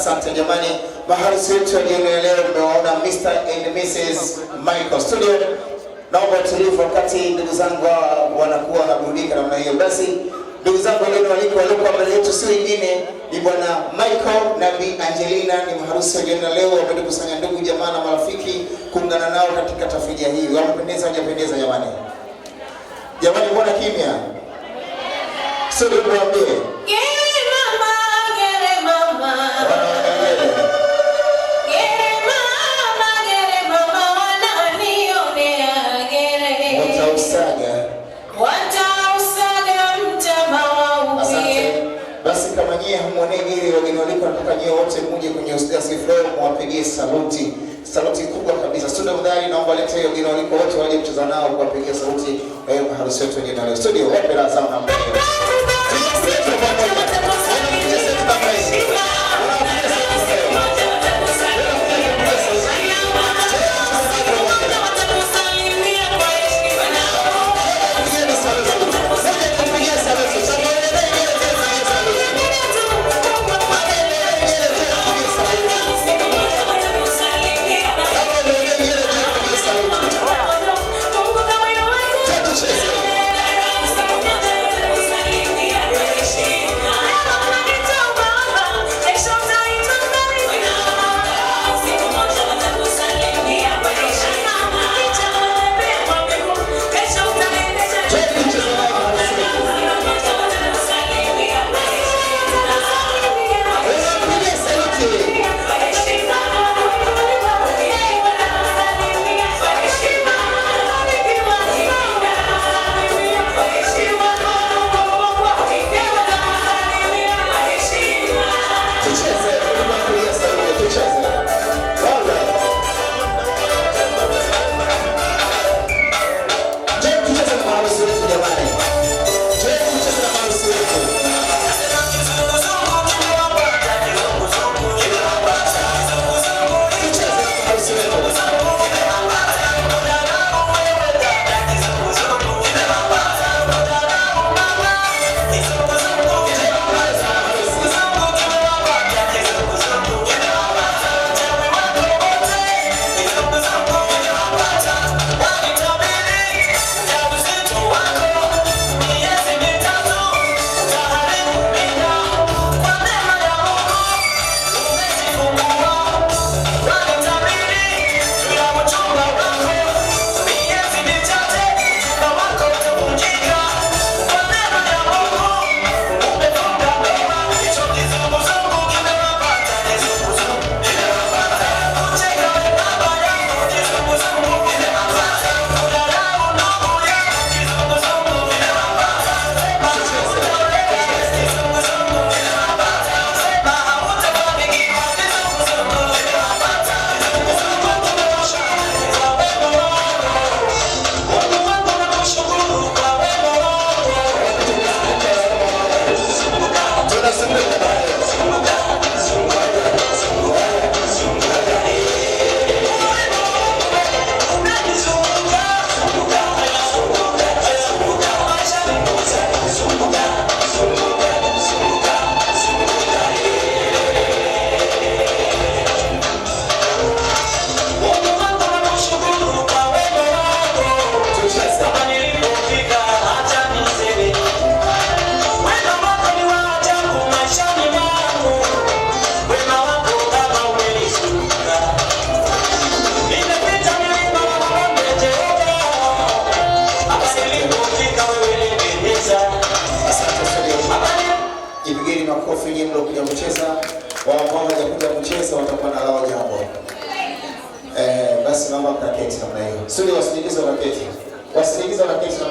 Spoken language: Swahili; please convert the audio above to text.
Asante jamani, maharusi wetu waliongea leo, mmewaona Mr and Mrs Michael Studio. Naomba utulivu wakati ndugu zangu wanakuwa wanaburudika namna hiyo. Basi ndugu zangu wageni waliko waliokuwa mbele yetu si wengine, ni bwana Michael na bi Angelina, ni maharusi wageni na leo kusanya ndugu jamaa na marafiki kuungana nao katika tafrija hii. Wamependeza wajapendeza jamani? Jamani, mbona kimya? Sio ndio? Niambie. usaga watausaga basi kama nyie hamwonei hili wageni waliko, nataka nyie wote muje kwenye ustazi floor mwapigie saluti, saluti kubwa kabisa. Studio mdhari, naomba letee wageni waliko wote waje kucheza nao, kuwapigia saluti harusi yetu wengine leo. Studio opera sound ambayo kuja kucheza wao, ambao hawajakuja kucheza watakuwa na lao jambo. Eh, basi naomba mkaketi namna hiyo, sio wasindikizo, wakaketi wasindikizo, wakaketi